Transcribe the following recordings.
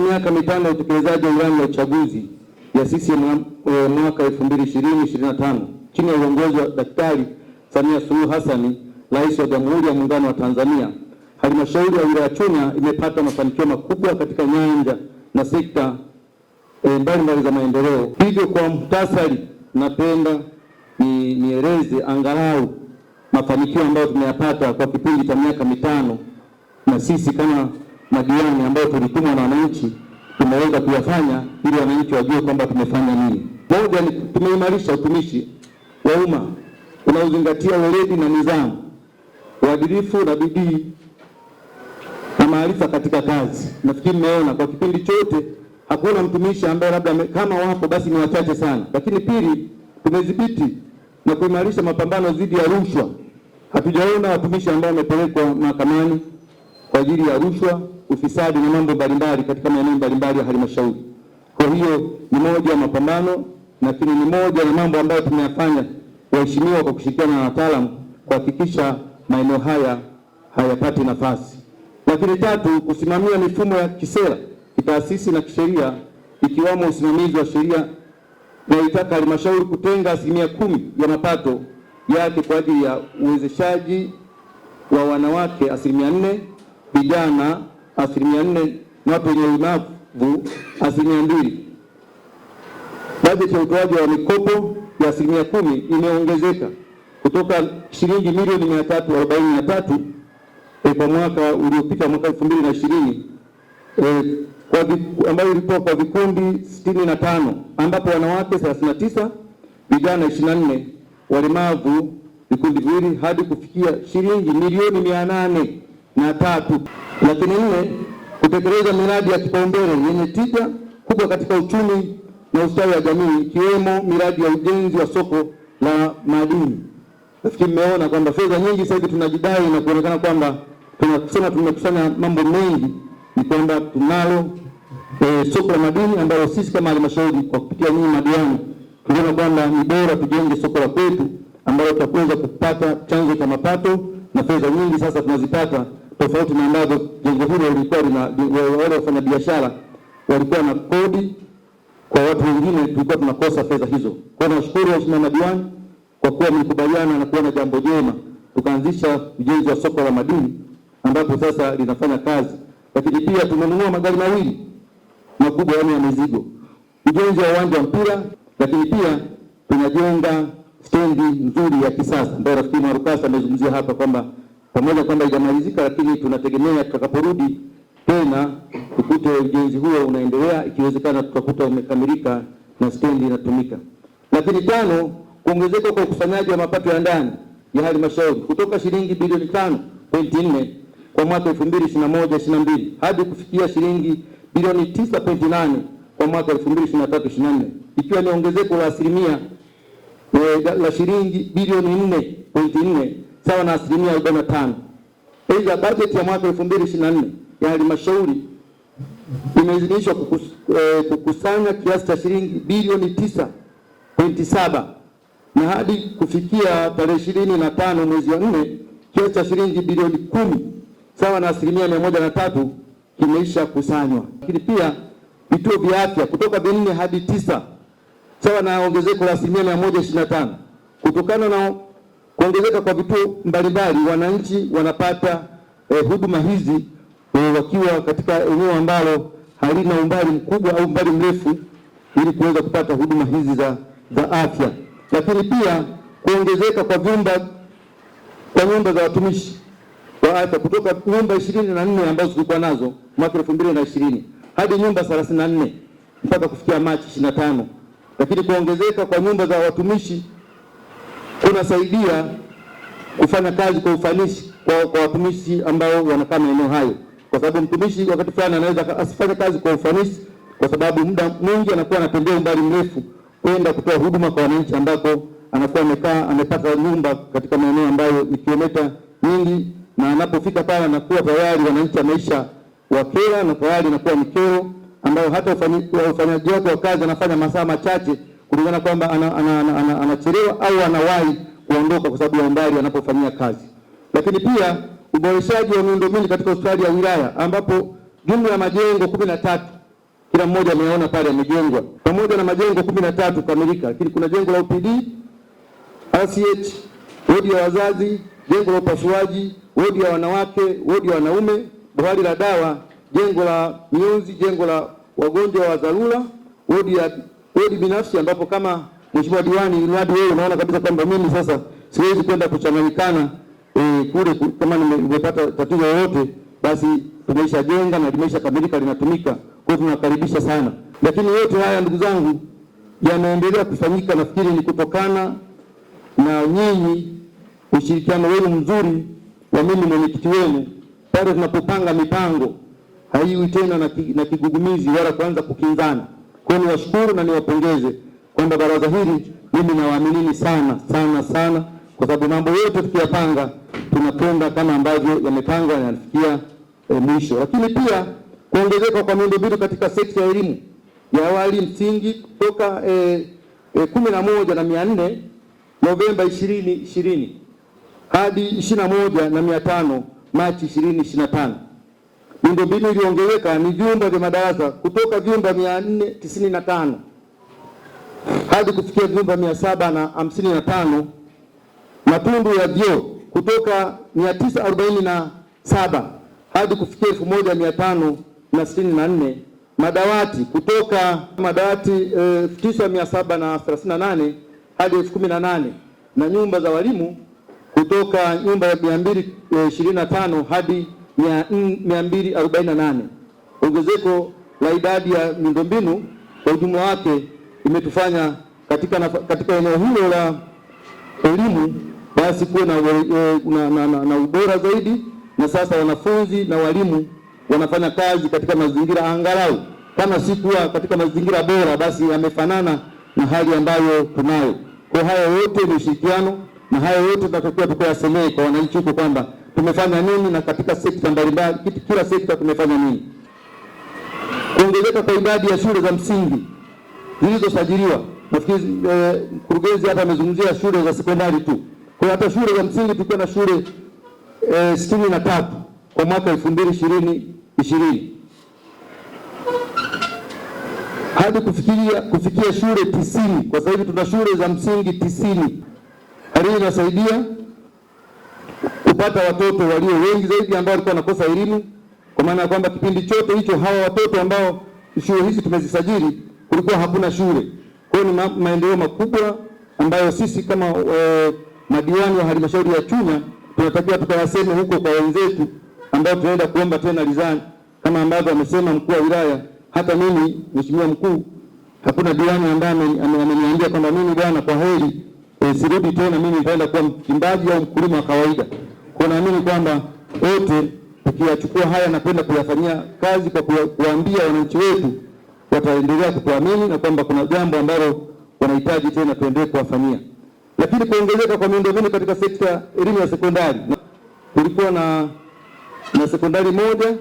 miaka mitano ya utekelezaji wa ilani ya uchaguzi ya CCM e, mwaka 2020-2025 chini ya uongozi wa Daktari Samia Suluhu Hassan, Rais wa Jamhuri ya Muungano wa Tanzania, halmashauri ya wilaya Chunya imepata mafanikio makubwa katika nyanja na sekta e, mbalimbali za maendeleo. Hivyo, kwa muhtasari, napenda nieleze angalau mafanikio ambayo tumeyapata kwa kipindi cha miaka mitano na sisi kama madiwani ambayo tulitumwa na wananchi tumeweza kuyafanya ili wananchi wajue kwamba tumefanya nini. Moja ni tumeimarisha utumishi wa umma unaozingatia weledi na nidhamu, uadilifu na bidii na maarifa katika kazi. Nafikiri mmeona kwa kipindi chote hakuna mtumishi ambaye labda kama wapo basi ni wachache sana. Lakini pili, tumedhibiti na kuimarisha mapambano dhidi ya rushwa. Hatujaona watumishi ambao wamepelekwa mahakamani kwa ajili ya rushwa, ufisadi na mambo mbalimbali katika maeneo mbalimbali ya halmashauri. Kwa hiyo ni moja ya mapambano, lakini ni moja ya mambo ambayo tumeyafanya waheshimiwa, kwa kushirikiana na wataalamu kuhakikisha maeneo haya hayapati nafasi. Lakini tatu, kusimamia mifumo ya kisera, kitaasisi na kisheria, ikiwamo usimamizi wa sheria naitaka halmashauri kutenga asilimia kumi ya mapato yake kwa ajili ya uwezeshaji wa wanawake asilimia nne vijana asilimia nne na watu wenye ulemavu asilimia mbili. Bajeti ya utoaji wa mikopo ya asilimia kumi imeongezeka kutoka shilingi milioni mia tatu arobaini na tatu e, kwa mwaka uliopita mwaka elfu mbili na ishirini e, ambayo ilikuwa kwa vikundi sitini na tano ambapo wanawake thelathini na tisa vijana ishirini na nne walemavu vikundi viwili hadi kufikia shilingi milioni mia nane na tatu. Lakini nne, kutekeleza miradi ya kipaumbele yenye tija kubwa katika uchumi na ustawi wa jamii ikiwemo miradi ya ujenzi wa soko la madini. Nafikiri mmeona kwamba fedha nyingi sasa hivi tunajidai na kuonekana kwamba tunasema tumekusanya mambo mengi, ni kwamba tunalo e, soko la madini ambalo sisi kama halmashauri kwa kupitia nyinyi madiwani tuliona kwamba ni bora tujenge soko la kwetu ambalo tutaweza kupata chanzo cha mapato na fedha nyingi sasa tunazipata tofauti na ambavyo jengo hilo lilikuwa lina wale wafanyabiashara walikuwa na kodi kwa watu wengine, tulikuwa tunakosa fedha hizo. Kwa hiyo nashukuru waheshimiwa madiwani kwa kuwa mlikubaliana na kuona jambo jema, tukaanzisha ujenzi wa soko la madini ambapo sasa linafanya kazi, lakini pia tumenunua magari mawili makubwa ya mizigo, ujenzi wa uwanja wa mpira, lakini pia tunajenga stendi nzuri ya kisasa ambayo rafiki Mwarukasa amezungumzia hapa kwamba pamoja kwamba haijamalizika, lakini tunategemea tutakaporudi tena tukute ujenzi huo unaendelea, ikiwezekana tukakuta umekamilika na stendi inatumika. Lakini tano, kuongezeka kwa ukusanyaji wa mapato ya ndani ya halmashauri kutoka shilingi bilioni tano pointi nne kwa mwaka elfu mbili na moja na mbili hadi kufikia shilingi bilioni tisa pointi nane kwa mwaka elfu mbili na tatu na nne ikiwa ni ongezeko la asilimia eh, la shilingi bilioni nne pointi nne sawa na asilimia arobaini na tano. Aidha, bajeti ya mwaka 2024 ya halmashauri imeidhinishwa kukus, eh, kukusanya kiasi cha shilingi bilioni 9.7 na hadi kufikia tarehe 25 mwezi wa 4 kiasi cha shilingi bilioni kumi sawa na asilimia mia kimeisha kusanywa. Lakini pia vituo vya afya kutoka vinne hadi tisa sawa na ongezeko la asilimia mia kutokana na Kuongezeka kwa vituo mbalimbali, wananchi wanapata eh, huduma hizi eh, wakiwa katika eneo ambalo halina umbali mkubwa au umbali mrefu ili kuweza kupata huduma hizi za, za afya. Lakini pia kuongezeka kwa vyumba kwa nyumba za watumishi wa afya kutoka nyumba ishirini na nne ambazo tulikuwa nazo mwaka elfu mbili na ishirini hadi nyumba thelathini na nne mpaka kufikia Machi ishirini na tano lakini kuongezeka kwa nyumba za watumishi kunasaidia kufanya kazi kwa ufanisi kwa, kwa watumishi ambao wanakaa maeneo hayo, kwa sababu mtumishi wakati fulani anaweza asifanye kazi kwa ufanisi, kwa sababu muda mwingi anakuwa anatembea umbali mrefu kwenda kutoa huduma kwa wananchi, ambako anakuwa amekaa amepata nyumba katika maeneo ambayo ni kilomita nyingi, na anapofika pale anakuwa tayari wananchi ameisha wakera, na tayari anakuwa ni kero ambayo hata ufanyaji wake wa kazi anafanya masaa machache kulingana kwamba anachelewa au anawahi kuondoka kwa sababu ya umbali anapofanyia kazi. Lakini pia uboreshaji wa miundombinu katika hospitali ya wilaya ambapo jumla ya majengo kumi na tatu kila mmoja ameona pale amejengwa, pamoja na majengo kumi na tatu kukamilika, lakini kuna jengo la OPD, RCH, wodi ya wazazi, jengo la upasuaji, wodi ya wanawake, wodi ya wanaume, bohari la dawa, jengo la mionzi, jengo la wagonjwa wa dharura, wodi ya kweli binafsi, ambapo kama mheshimiwa diwani mradi wewe unaona kabisa kwamba mimi sasa siwezi kwenda kuchanganyikana e, kule kama nimepata tatizo lolote, basi tumeisha jenga na limeisha kamilika linatumika. Kwa hiyo tunakaribisha sana, lakini yote haya ndugu zangu yanaendelea kufanyika, nafikiri ni kutokana na nyinyi ushirikiano wenu mzuri wa mimi mwenyekiti wenu pale tunapopanga mipango haiwi tena na, ki, na kigugumizi wala kuanza kukinzana. Kwa hiyo niwashukuru na niwapongeze kwamba baraza hili mimi nawaaminini sana sana sana, kwa sababu mambo yote tukiyapanga tunakwenda kama ambavyo yamepangwa na yanafikia e, mwisho. Lakini pia kuongezeka kwa miundombinu katika sekta ya elimu ya awali msingi kutoka e, e, kumi na moja na mia nne Novemba ishirini ishirini hadi ishirini na moja na mia tano Machi ishirini ishirini na tano miundombinu iliongezeka ni vyumba vya madarasa kutoka vyumba mia nne tisini na tano hadi kufikia vyumba mia saba na hamsini na tano matundu ya vyoo kutoka mia tisa arobaini na saba hadi kufikia elfu moja mia tano na sitini na nne madawati kutoka madawati elfu eh, tisa mia saba na thelathini na nane hadi elfu kumi na nane na nyumba za walimu kutoka nyumba ya mia mbili eh, ishirini na tano hadi 248. Ongezeko la idadi ya miundombinu kwa ujumla wake imetufanya katika, katika eneo hilo la elimu basi kuwe na, na, na, na, na ubora zaidi, na sasa wanafunzi na walimu wanafanya kazi katika mazingira angalau kama si kuwa katika mazingira bora, basi yamefanana na hali ambayo tunayo. Kwa haya yote ni ushirikiano, na haya yote tunatakiwa tukuyasemee kwa wananchi huko kwamba tumefanya nini, na katika sekta mbalimbali, kila sekta tumefanya nini. Kuongezeka kwa idadi ya shule za msingi zilizosajiliwa, nafikiri eh, mkurugenzi hapa amezungumzia shule za sekondari tu, kwa hata shule za msingi tukiwa na shule eh, sitini na tatu kwa mwaka elfu mbili ishirini ishirini hadi kufikia, kufikia shule tisini. Kwa sasa hivi tuna shule za msingi tisini. Hali inasaidia kupata watoto walio wengi zaidi ambao walikuwa wanakosa elimu, kwa maana ya kwamba kipindi chote hicho hawa watoto ambao shule hizi tumezisajili kulikuwa hakuna shule. Kwa hiyo ni ma maendeleo makubwa ambayo sisi kama e, madiwani wa halmashauri ya Chunya tunatakiwa tukayaseme huko kwa wenzetu ambao tunaenda kuomba tena ridhaa, kama ambavyo amesema mkuu wa wilaya. Hata mimi mheshimiwa mkuu, hakuna diwani ambaye ameniambia kwamba mimi bwana, kwa heri e, sirudi tena, mimi nitaenda kuwa mchimbaji au mkulima wa kawaida. Kwa naamini kwamba wote tukiyachukua haya na kwenda kuyafanyia kazi kwa kuambia wananchi wetu, wataendelea kutuamini na kwamba kuna jambo ambalo wanahitaji tena tuendelee kuwafanyia. Lakini kuongezeka kwa miundombinu katika sekta elimu ya sekondari, kulikuwa na na sekondari moja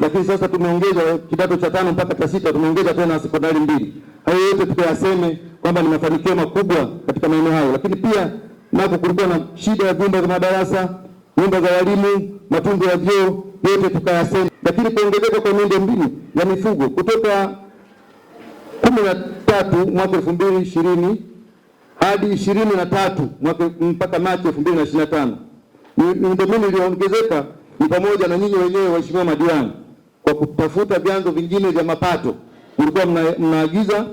lakini sasa tumeongeza kidato cha tano mpaka cha sita, tumeongeza tena sekondari mbili. Hayo yote tukayaseme kwamba ni mafanikio makubwa katika maeneo hayo, lakini pia nako kulikuwa na shida ya vyumba vya madarasa nyumba za walimu, matundu ya vyoo, yote tukayasema. Lakini kuongezeka kwa miundo mbinu ya mifugo kutoka kumi na tatu mwaka elfu mbili ishirini hadi ishirini na tatu mpaka Machi elfu mbili na ishirini na tano miundombinu iliyoongezeka ni pamoja na nyinyi wenyewe waheshimiwa madiwani kwa kutafuta vyanzo vingine vya mapato. Mlikuwa mnaagiza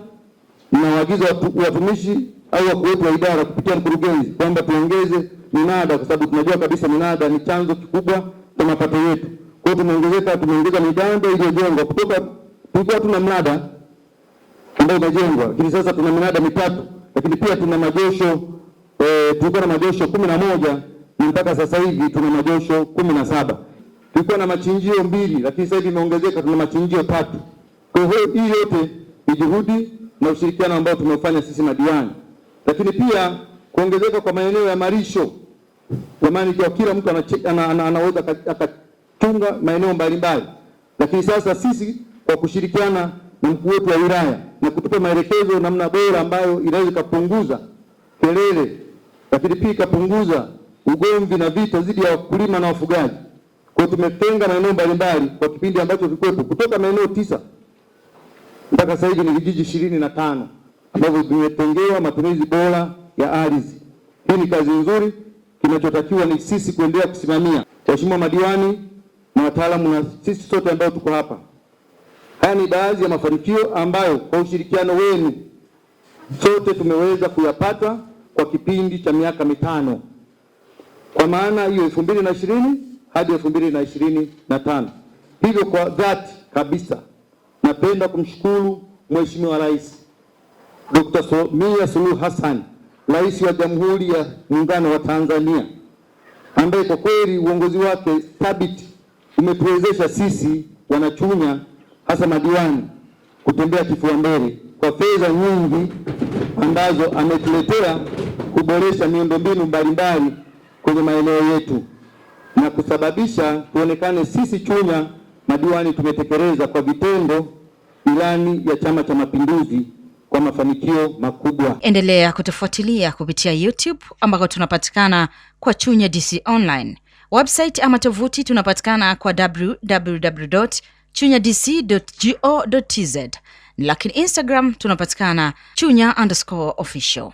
mnawaagiza watumishi au wakuu wetu wa idara kupitia mkurugenzi kwamba tuongeze minada, kwa sababu tunajua kabisa minada ni chanzo kikubwa cha mapato yetu. Kwa hiyo tumeongezeka, tumeongeza midanda iliyojengwa kutoka, tulikuwa tuna mnada ambao umejengwa, lakini sasa tuna minada mitatu, lakini pia tuna majosho e, eh, tulikuwa na majosho kumi na moja na mpaka sasa hivi tuna majosho kumi na saba. Tulikuwa na machinjio mbili, lakini sasa hivi imeongezeka, tuna machinjio tatu. Kwa hiyo hii yote ni juhudi na ushirikiano ambao tumefanya sisi na diwani. Lakini pia kuongezeka kwa maeneo ya malisho, zamani kwa kila mtu anaweza akatunga maeneo mbalimbali, lakini sasa sisi kwa kushirikiana na mkuu wetu wa wilaya na kutupa maelekezo namna bora ambayo inaweza ikapunguza kelele, lakini pia ikapunguza ugomvi na vita dhidi ya wakulima na wafugaji. Kwa tumetenga maeneo mbalimbali kwa kipindi ambacho vikwepo kutoka maeneo tisa mpaka sasa hivi ni vijiji ishirini na tano ambavyo vimetengewa matumizi bora ya ardhi. Hii ni kazi nzuri, kinachotakiwa ni sisi kuendelea kusimamia. Waheshimiwa madiwani na wataalamu na sisi sote ambao tuko hapa, haya ni baadhi ya mafanikio ambayo kwa ushirikiano wenu sote tumeweza kuyapata kwa kipindi cha miaka mitano, kwa maana hiyo elfu mbili na ishirini hadi elfu mbili na ishirini na tano. Hivyo kwa dhati kabisa napenda kumshukuru Mheshimiwa Rais Dr. Samia Suluhu Hassan, Rais wa Jamhuri ya Muungano wa Tanzania, ambaye kwa kweli uongozi wake thabiti umetuwezesha sisi wanachunya hasa madiwani kutembea kifua mbele kwa fedha nyingi ambazo ametuletea kuboresha miundombinu mbalimbali kwenye maeneo yetu na kusababisha tuonekane sisi Chunya madiwani tumetekeleza kwa vitendo ilani ya Chama cha Mapinduzi kwa mafanikio makubwa. Endelea kutufuatilia kupitia YouTube ambako tunapatikana kwa Chunya DC Online, website ama tovuti tunapatikana kwa www chunya dc go tz, lakini Instagram tunapatikana chunya underscore official.